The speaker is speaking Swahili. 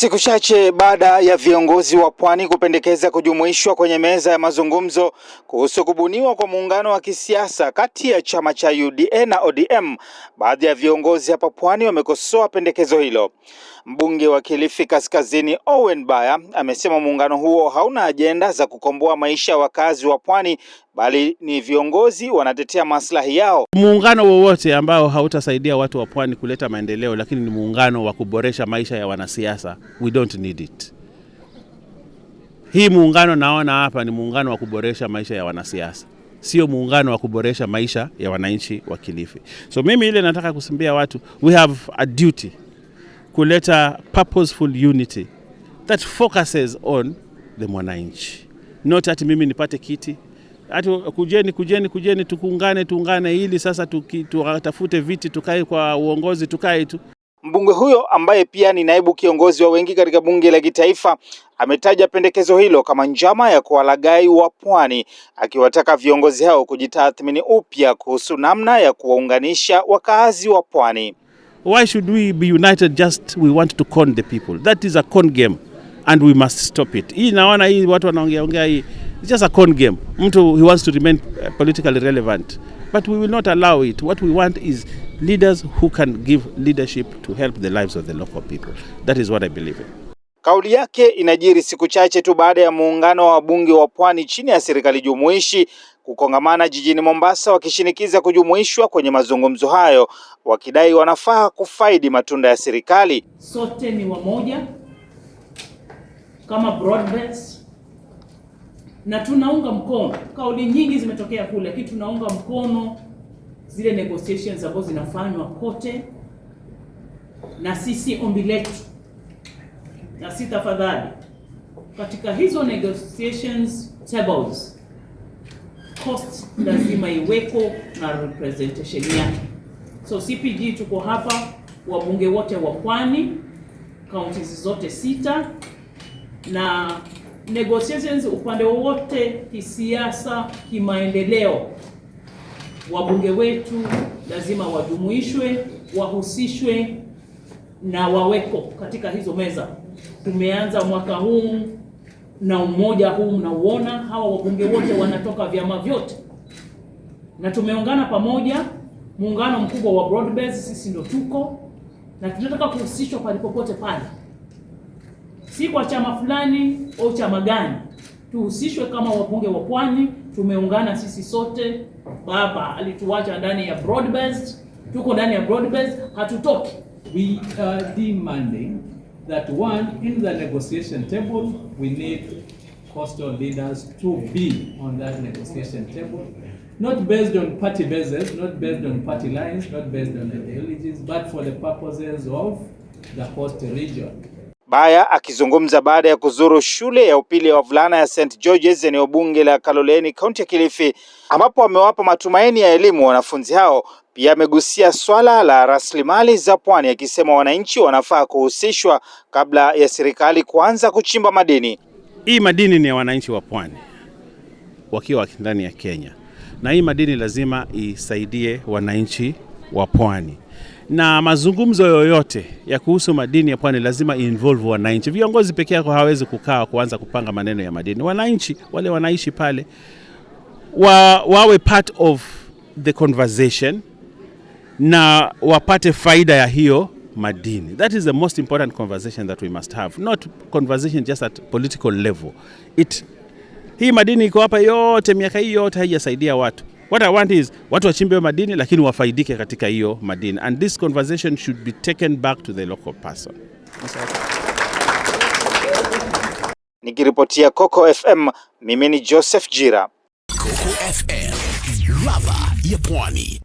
Siku chache baada ya viongozi wa Pwani kupendekeza kujumuishwa kwenye meza ya mazungumzo kuhusu kubuniwa kwa muungano wa kisiasa kati ya chama cha UDA na ODM, baadhi ya viongozi hapa Pwani wamekosoa pendekezo hilo. Mbunge wa Kilifi Kaskazini Owen Baya amesema muungano huo hauna ajenda za kukomboa maisha ya wakazi wa Pwani, bali ni viongozi wanatetea maslahi yao. Muungano wowote ambao hautasaidia watu wa Pwani kuleta maendeleo, lakini ni muungano wa kuboresha maisha ya wanasiasa we don't need it. Hii muungano naona hapa ni muungano wa kuboresha maisha ya wanasiasa, sio muungano wa kuboresha maisha ya wananchi wa Kilifi. So mimi ile nataka kusimbia watu, we have a duty kuleta purposeful unity that focuses on the mwananchi, not ati mimi nipate kiti ati kujeni kujeni kujeni, tukuungane tuungane, ili sasa tukitafute viti, tukae kwa uongozi, tukae tu. Mbunge huyo ambaye pia ni naibu kiongozi wa wengi katika bunge la kitaifa ametaja pendekezo hilo kama njama ya kuwalagai wa Pwani, akiwataka viongozi hao kujitathmini upya kuhusu namna ya kuwaunganisha wakaazi wa Pwani. Why should we be united just we want to con the people? That is a con game and we must stop it. Hii naona hii watu wanaongea ongea hii it's just a con game. Mtu he wants to remain politically relevant but we will not allow it. What we want is leaders who can give leadership to help the lives of the local people. That is what I believe in. Kauli yake inajiri siku chache tu baada ya muungano wa wabunge wa pwani chini ya serikali jumuishi kukongamana jijini Mombasa wakishinikiza kujumuishwa kwenye mazungumzo hayo, wakidai wanafaa kufaidi matunda ya serikali. Sote ni wamoja kama broadbands na tunaunga mkono. Kauli nyingi zimetokea kule, lakini tunaunga mkono zile negotiations ambazo zinafanywa kote, na sisi ombi letu, na si tafadhali, katika hizo negotiations tables cost lazima iweko na representation yake. So CPG tuko hapa, wabunge wote wa Pwani, counties zote sita, na negotiations upande wowote, kisiasa, kimaendeleo wabunge wetu lazima wajumuishwe, wahusishwe na waweko katika hizo meza. Tumeanza mwaka huu na umoja huu mnauona, hawa wabunge wote wanatoka vyama vyote na tumeungana pamoja, muungano mkubwa wa broadbase. Sisi ndio tuko na tunataka kuhusishwa palipopote pale, si kwa chama fulani au chama gani, tuhusishwe kama wabunge wa Pwani tumeungana sisi sote. Baba alituacha ndani ya broad-based, tuko ndani ya broad hatutoki. We are demanding that one in the negotiation table we need coastal leaders to be on that negotiation table not based on party bases, not based on party lines, not based on ideologies, but for the purposes of the host region. Baya akizungumza baada ya kuzuru shule ya upili ya wavulana ya St George's eneo bunge la Kaloleni kaunti ya Kilifi, ambapo amewapa matumaini ya elimu wanafunzi hao. Pia amegusia swala la rasilimali za pwani, akisema wananchi wanafaa kuhusishwa kabla ya serikali kuanza kuchimba madini. Hii madini ni ya wananchi wa pwani wakiwa ndani ya Kenya, na hii madini lazima isaidie wananchi wa pwani na mazungumzo yoyote ya kuhusu madini ya pwani lazima involve wananchi. Viongozi peke yako hawawezi kukaa kuanza kupanga maneno ya madini. Wananchi wale wanaishi pale wa, wawe part of the conversation na wapate faida ya hiyo madini. That is the most important conversation that we must have, not conversation just at political level. It, hii madini iko hapa yote, miaka hii yote haijasaidia watu What I want is watu wachimbe madini lakini wafaidike katika hiyo madini, and this conversation should be taken back to the local person. Nikiripotia Coco FM, mimi ni Joseph Jira, Coco FM, ladha ya Pwani.